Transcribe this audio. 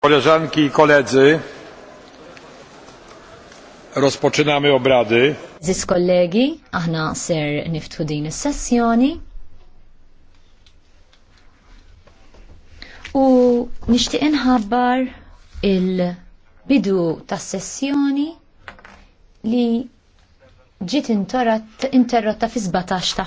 Koleżanki i koledzy, rozpoczynamy obrady. kollegi, aħna ser niftħu din is-sessjoni. U nixtieq inħabbar il-bidu tas-sessjoni li ġiet interrotta fi 17 ta'